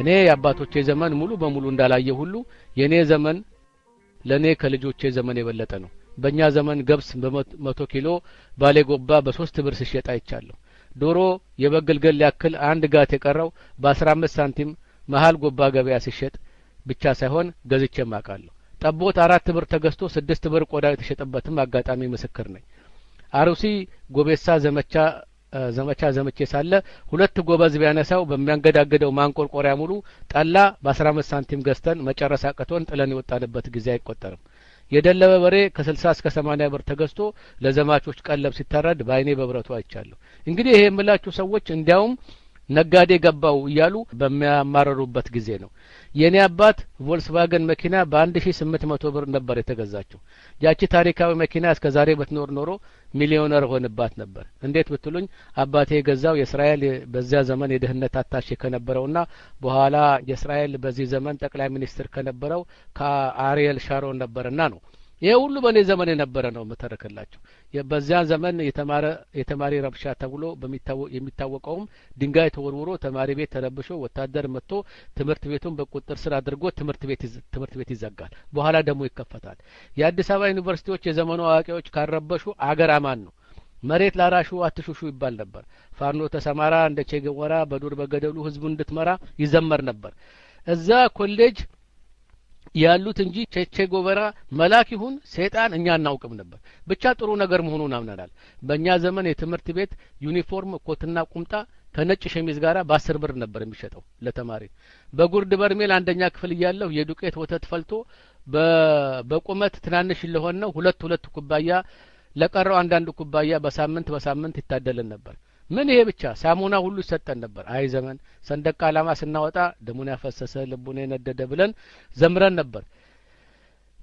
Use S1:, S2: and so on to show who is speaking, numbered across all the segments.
S1: እኔ የአባቶቼ ዘመን ሙሉ በሙሉ እንዳላየ ሁሉ የእኔ ዘመን ለእኔ ከልጆቼ ዘመን የበለጠ ነው በእኛ ዘመን ገብስ በመቶ ኪሎ ባሌጎባ ጎባ በሶስት ብር ስሸጣ ይቻለሁ ዶሮ የበግልገል ያክል አንድ ጋት የቀረው በአስራ አምስት ሳንቲም መሀል ጎባ ገበያ ሲሸጥ ብቻ ሳይሆን ገዝቼም አውቃለሁ። ጠቦት አራት ብር ተገዝቶ ስድስት ብር ቆዳ የተሸጠበትም አጋጣሚ ምስክር ነኝ። አሩሲ ጎቤሳ ዘመቻ ዘመቻ ዘመቼ ሳለ ሁለት ጎበዝ ቢያነሳው በሚያንገዳግደው ማንቆርቆሪያ ሙሉ ጠላ በአስራ አምስት ሳንቲም ገዝተን መጨረስ አቅቶን ጥለን የወጣንበት ጊዜ አይቆጠርም። የደለበ በሬ ከስልሳ እስከ ሰማኒያ ብር ተገዝቶ ለዘማቾች ቀለብ ሲታረድ በአይኔ በብረቱ አይቻለሁ። እንግዲህ ይሄ የምላችሁ ሰዎች እንዲያውም ነጋዴ ገባው እያሉ በሚያማረሩበት ጊዜ ነው። የእኔ አባት ቮልስቫገን መኪና በአንድ ሺ ስምንት መቶ ብር ነበር የተገዛችው። ያቺ ታሪካዊ መኪና እስከ ዛሬ በትኖር ኖሮ ሚሊዮነር ሆንባት ነበር። እንዴት ብትሉኝ አባቴ የገዛው የእስራኤል በዚያ ዘመን የደህንነት አታሼ ና በኋላ የእስራኤል በዚህ ዘመን ጠቅላይ ሚኒስትር ከነበረው ከአሪየል ሻሮን ነበርና ነው። ይሄ ሁሉ በእኔ ዘመን የነበረ ነው የምተረክላቸው። በዚያ ዘመን የተማረ የተማሪ ረብሻ ተብሎ የሚታወቀውም ድንጋይ ተወርውሮ ተማሪ ቤት ተረብሾ ወታደር መጥቶ ትምህርት ቤቱን በቁጥር ስር አድርጎ ትምህርት ቤት ትምህርት ቤት ይዘጋል። በኋላ ደግሞ ይከፈታል። የአዲስ አበባ ዩኒቨርሲቲዎች የዘመኑ አዋቂዎች ካረበሹ አገር አማን ነው። መሬት ላራሹ አትሹሹ ይባል ነበር። ፋኖ ተሰማራ እንደ ቼ በዱር በገደሉ ህዝቡ እንድትመራ ይዘመር ነበር። እዛ ኮሌጅ ያሉት እንጂ ቼቼ ጎበራ መላክ ይሁን ሰይጣን እኛ እናውቅም ነበር። ብቻ ጥሩ ነገር መሆኑን አምነናል። በእኛ ዘመን የትምህርት ቤት ዩኒፎርም ኮትና ቁምጣ ከነጭ ሸሚዝ ጋር በአስር ብር ነበር የሚሸጠው ለተማሪ። በጉርድ በርሜል አንደኛ ክፍል እያለሁ የዱቄት ወተት ፈልቶ በቁመት ትናንሽ ለሆነው ሁለት ሁለት ኩባያ ለቀረው አንዳንድ ኩባያ በሳምንት በሳምንት ይታደልን ነበር። ምን ይሄ ብቻ ሳሙና ሁሉ ይሰጠን ነበር። አይ ዘመን ሰንደቅ ዓላማ ስናወጣ ደሙን ያፈሰሰ ልቡን የነደደ ብለን ዘምረን ነበር።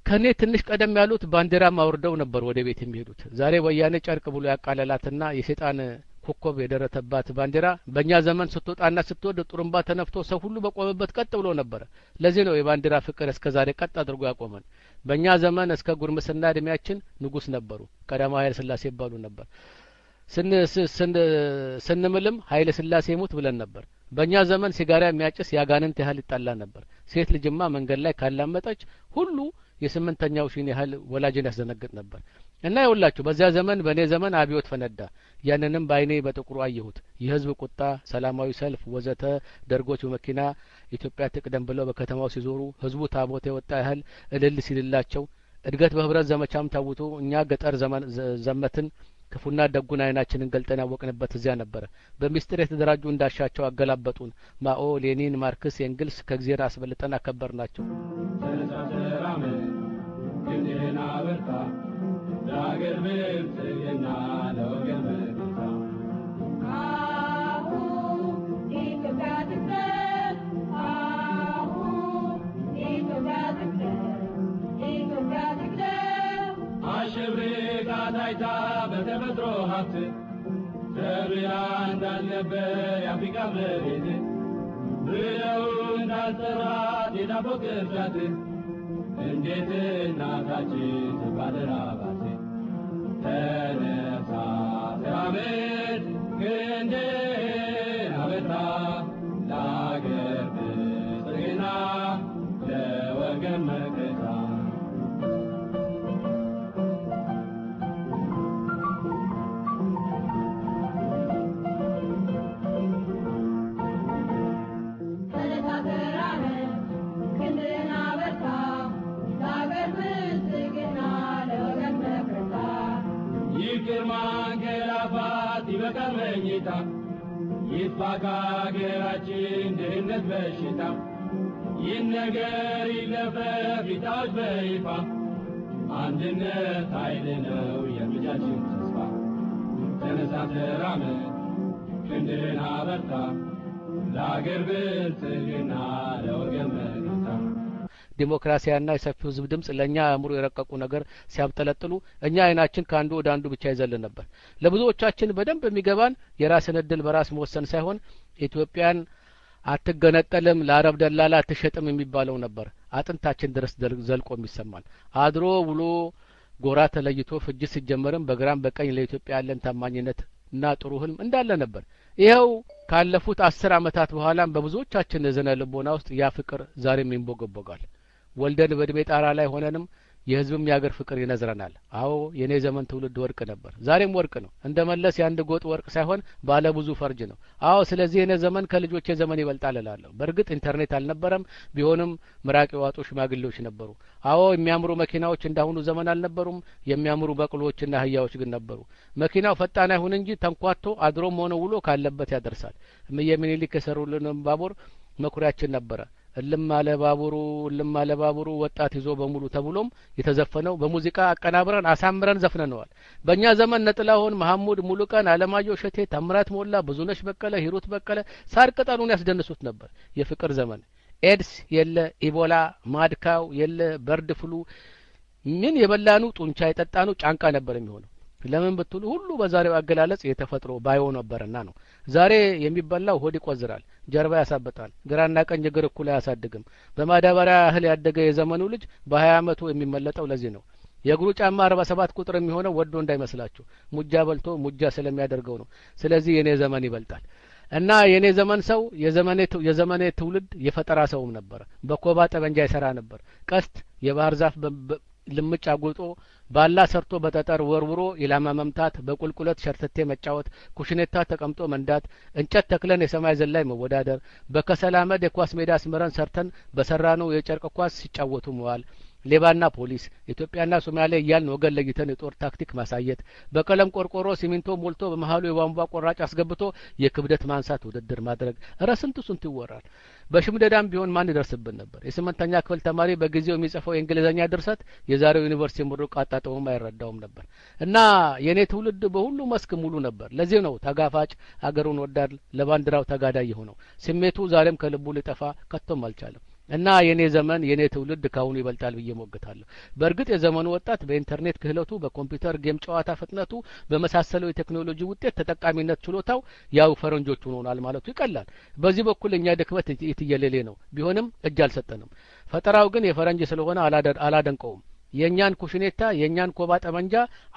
S1: ከኔ ትንሽ ቀደም ያሉት ባንዲራ ማውርደው ነበር ወደ ቤት የሚሄዱት። ዛሬ ወያኔ ጨርቅ ብሎ ያቃለላትና የሴጣን ኮከብ የደረተባት ባንዲራ በእኛ ዘመን ስትወጣና ስትወድ ጡሩምባ ተነፍቶ ሰው ሁሉ በቆመበት ቀጥ ብሎ ነበረ። ለዚህ ነው የባንዲራ ፍቅር እስከ ዛሬ ቀጥ አድርጎ ያቆመን። በእኛ ዘመን እስከ ጉርምስና እድሜያችን ንጉስ ነበሩ። ቀዳማ ሀይል ስላሴ ይባሉ ነበር። ስንምልም ሀይለ ስላሴ ሙት ብለን ነበር። በእኛ ዘመን ሲጋራ የሚያጭስ ያጋንንት ያህል ይጣላ ነበር። ሴት ልጅማ መንገድ ላይ ካላመጠች ሁሉ የስምንተኛው ሺን ያህል ወላጅን ያስደነግጥ ነበር እና የውላችሁ በዚያ ዘመን በእኔ ዘመን አብዮት ፈነዳ። ያንንም በአይኔ በጥቁሩ አየሁት። የህዝብ ቁጣ፣ ሰላማዊ ሰልፍ ወዘተ፣ ደርጎች በመኪና ኢትዮጵያ ትቅደም ብለው በከተማው ሲዞሩ፣ ህዝቡ ታቦት የወጣ ያህል እልል ሲልላቸው፣ እድገት በህብረት ዘመቻም ታውቶ እኛ ገጠር ዘመትን ክፉና ደጉን አይናችንን ገልጠን ያወቅንበት እዚያ ነበረ በሚስጢር የተደራጁ እንዳሻቸው አገላበጡን ማኦ ሌኒን ማርክስ የእንግልስ ከእግዜር አስበልጠን አከበር ናቸው ዳግር ምርት የናለው ሽብርቃ ታይታ በተፈጥሮ ሀብት ተብላ እንዳልነበ የአፍሪካ መሬት ብለው እንዳልጠራት የዳቦ ቅርጫት እንዴት እናታችን ትባደራባት ተነሳ ተራመድ በቀን መኝታ ይጥፋ ከአገራችን ድህነት በሽታ። ይህ ነገር ይለፈፍ ይታወጅ በይፋ አንድነት ኃይል ነው የልጃችን ተስፋ። ተነሳ ተራመድ ክንድህን አበርታ ለአገር ብልጽግና ለወገን ዲሞክራሲያና የሰፊው ህዝብ ድምጽ ለእኛ አእምሮ የረቀቁ ነገር ሲያብጠለጥሉ እኛ አይናችን ከአንዱ ወደ አንዱ ብቻ ይዘልን ነበር። ለብዙዎቻችን በደንብ የሚገባን የራስን እድል በራስ መወሰን ሳይሆን ኢትዮጵያን አትገነጠልም፣ ለአረብ ደላላ አትሸጥም የሚባለው ነበር አጥንታችን ድረስ ዘልቆ የሚሰማል አድሮ ውሎ ጎራ ተለይቶ ፍጅ ሲጀመርም በግራም በቀኝ ለኢትዮጵያ ያለን ታማኝነት እና ጥሩ ህልም እንዳለ ነበር። ይኸው ካለፉት አስር አመታት በኋላም በብዙዎቻችን የዘነ ልቦና ውስጥ ያ ፍቅር ዛሬም ይንቦገቦጋል። ወልደን በእድሜ ጣራ ላይ ሆነንም የህዝብም የአገር ፍቅር ይነዝረናል። አዎ የእኔ ዘመን ትውልድ ወርቅ ነበር፣ ዛሬም ወርቅ ነው። እንደ መለስ የአንድ ጎጥ ወርቅ ሳይሆን ባለ ብዙ ፈርጅ ነው። አዎ ስለዚህ የእኔ ዘመን ከልጆቼ ዘመን ይበልጣል እላለሁ። በእርግጥ ኢንተርኔት አልነበረም። ቢሆንም ምራቅ የዋጡ ሽማግሌዎች ነበሩ። አዎ የሚያምሩ መኪናዎች እንዳሁኑ ዘመን አልነበሩም። የሚያምሩ በቅሎዎችና አህያዎች ግን ነበሩ። መኪናው ፈጣን አይሁን እንጂ ተንኳቶ አድሮም ሆነ ውሎ ካለበት ያደርሳል። እምዬ ምኒልክ የሰሩልን ባቡር መኩሪያችን ነበረ። እልም አለ ባቡሩ እልም አለ ባቡሩ ወጣት ይዞ በሙሉ ተብሎም የተዘፈነው በሙዚቃ አቀናብረን አሳምረን ዘፍነነዋል። በእኛ ዘመን ነጥላሁን፣ መሐሙድ ሙሉቀን፣ አለማየሁ እሸቴ፣ ተምራት ሞላ፣ ብዙነሽ በቀለ፣ ሂሩት በቀለ ሳር ቅጠሉን ያስደንሱት ነበር። የፍቅር ዘመን ኤድስ የለ፣ ኢቦላ ማድካው የለ፣ በርድ ፍሉ ምን የበላኑ ጡንቻ የጠጣኑ ጫንቃ ነበር የሚሆነው። ለምን ብትሉ ሁሉ በዛሬው አገላለጽ የተፈጥሮ ባዮ ነበርና ነው። ዛሬ የሚበላው ሆድ ይቆዝራል፣ ጀርባ ያሳብጣል፣ ግራና ቀኝ እግር እኩል አያሳድግም። በማዳበሪያ ያህል ያደገ የዘመኑ ልጅ በሀያ አመቱ የሚመለጠው ለዚህ ነው። የእግሩ ጫማ አርባ ሰባት ቁጥር የሚሆነው ወዶ እንዳይመስላችሁ ሙጃ በልቶ ሙጃ ስለሚያደርገው ነው። ስለዚህ የእኔ ዘመን ይበልጣል እና የእኔ ዘመን ሰው የዘመኔ ትውልድ የፈጠራ ሰውም ነበር በኮባ ጠበንጃ ይሰራ ነበር። ቀስት የባህር ዛፍ ልምጭ አጉልጦ ባላ ሰርቶ በጠጠር ወርውሮ ኢላማ መምታት፣ በቁልቁለት ሸርትቴ መጫወት፣ ኩሽኔታ ተቀምጦ መንዳት፣ እንጨት ተክለን የሰማይ ዘላይ መወዳደር፣ በከሰል አመድ የኳስ ሜዳ አስምረን ሰርተን በሰራነው የጨርቅ ኳስ ሲጫወቱ መዋል ሌባና ፖሊስ፣ ኢትዮጵያና ሶማሊያ እያልን ወገን ለይተን የጦር ታክቲክ ማሳየት፣ በቀለም ቆርቆሮ ሲሚንቶ ሞልቶ በመሀሉ የቧንቧ ቆራጭ አስገብቶ የክብደት ማንሳት ውድድር ማድረግ። እረ ስንቱ ስንቱ ይወራል። በሽምደዳም ቢሆን ማን ይደርስብን ነበር? የስምንተኛ ክፍል ተማሪ በጊዜው የሚጽፈው የእንግሊዝኛ ድርሰት የዛሬው ዩኒቨርሲቲ ምሩቅ አጣጥሞም አይረዳውም ነበር እና የእኔ ትውልድ በሁሉ መስክ ሙሉ ነበር። ለዚህ ነው ተጋፋጭ፣ አገሩን ወዳድ፣ ለባንዲራው ተጋዳይ የሆነው። ስሜቱ ዛሬም ከልቡ ሊጠፋ ከቶም አልቻለም። እና የኔ ዘመን የኔ ትውልድ ካሁኑ ይበልጣል ብዬ ሞግታለሁ። በእርግጥ የዘመኑ ወጣት በኢንተርኔት ክህለቱ፣ በኮምፒውተር ጌም ጨዋታ ፍጥነቱ፣ በመሳሰለው የቴክኖሎጂ ውጤት ተጠቃሚነት ችሎታው ያው ፈረንጆቹን ሆኗል ማለቱ ይቀላል። በዚህ በኩል እኛ ድክመት የትየሌሌ ነው። ቢሆንም እጅ አልሰጠንም። ፈጠራው ግን የፈረንጅ ስለሆነ አላደንቀውም። የእኛን ኩሽኔታ የእኛን ኮባ ጠመንጃ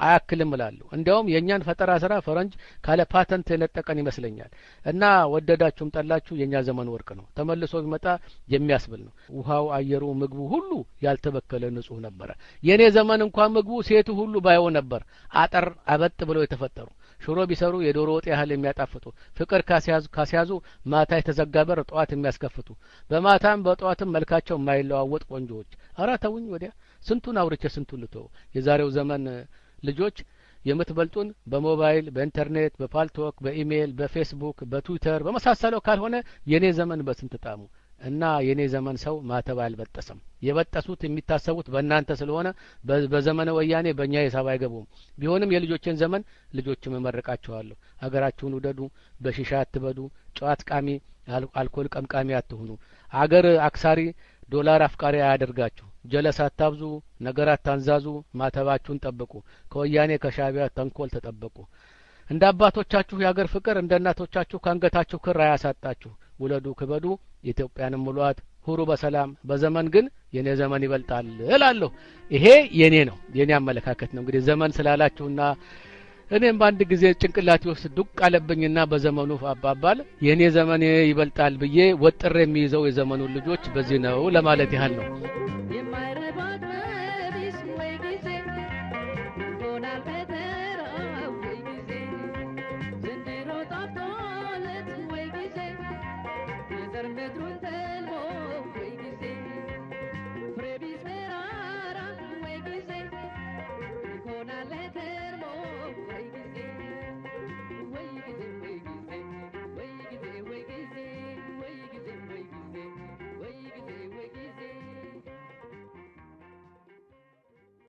S1: አያክልም እላለሁ። እንዲያውም የእኛን ፈጠራ ስራ ፈረንጅ ካለ ፓተንት የነጠቀን ይመስለኛል። እና ወደዳችሁም ጠላችሁ የእኛ ዘመን ወርቅ ነው፣ ተመልሶ ቢመጣ የሚያስብል ነው። ውሃው፣ አየሩ፣ ምግቡ ሁሉ ያልተበከለ ንጹህ ነበረ። የእኔ ዘመን እንኳ ምግቡ ሴቱ ሁሉ ባየው ነበር አጠር አበጥ ብለው የተፈጠሩ ሽሮ ቢሰሩ የዶሮ ወጥ ያህል የሚያጣፍጡ ፍቅር ካስያዙ ማታ የተዘጋበር ጠዋት የሚያስከፍቱ በማታም በጠዋትም መልካቸው የማይለዋወጥ ቆንጆዎች አረ ተውኝ ወዲያ ስንቱን አውርቼ ስንቱን ልቶ የዛሬው ዘመን ልጆች የምትበልጡን በሞባይል በኢንተርኔት በፓልቶክ በኢሜይል በፌስቡክ በትዊተር በመሳሰለው ካልሆነ የኔ ዘመን በስንት ጣሙ እና የኔ ዘመን ሰው ማተብ አልበጠሰም። የበጠሱት የሚታሰቡት በእናንተ ስለሆነ በዘመነ ወያኔ በእኛ ሂሳብ አይገቡም። ቢሆንም የልጆችን ዘመን ልጆችም እመርቃችኋለሁ። አገራችሁን ውደዱ፣ በሽሻ አትበዱ፣ ጨዋት ቃሚ፣ አልኮል ቀምቃሚ አትሁኑ። አገር አክሳሪ፣ ዶላር አፍቃሪ አያደርጋችሁ። ጀለስ አታብዙ፣ ነገር አታንዛዙ፣ ማተባችሁን ጠብቁ፣ ከወያኔ ከሻእቢያ ተንኮል ተጠበቁ። እንደ አባቶቻችሁ የአገር ፍቅር እንደ እናቶቻችሁ ከአንገታችሁ ክር አያሳጣችሁ። ውለዱ፣ ክበዱ፣ ኢትዮጵያንም ሙሏት ሁሩ በሰላም በዘመን ግን የኔ ዘመን ይበልጣል እላለሁ። ይሄ የኔ ነው፣ የኔ አመለካከት ነው። እንግዲህ ዘመን ስላላችሁና እኔም በአንድ ጊዜ ጭንቅላት ውስጥ ዱቅ አለብኝና በዘመኑ አባባል የእኔ ዘመን ይበልጣል ብዬ ወጥር የሚይዘው የዘመኑን ልጆች በዚህ ነው ለማለት ያህል ነው።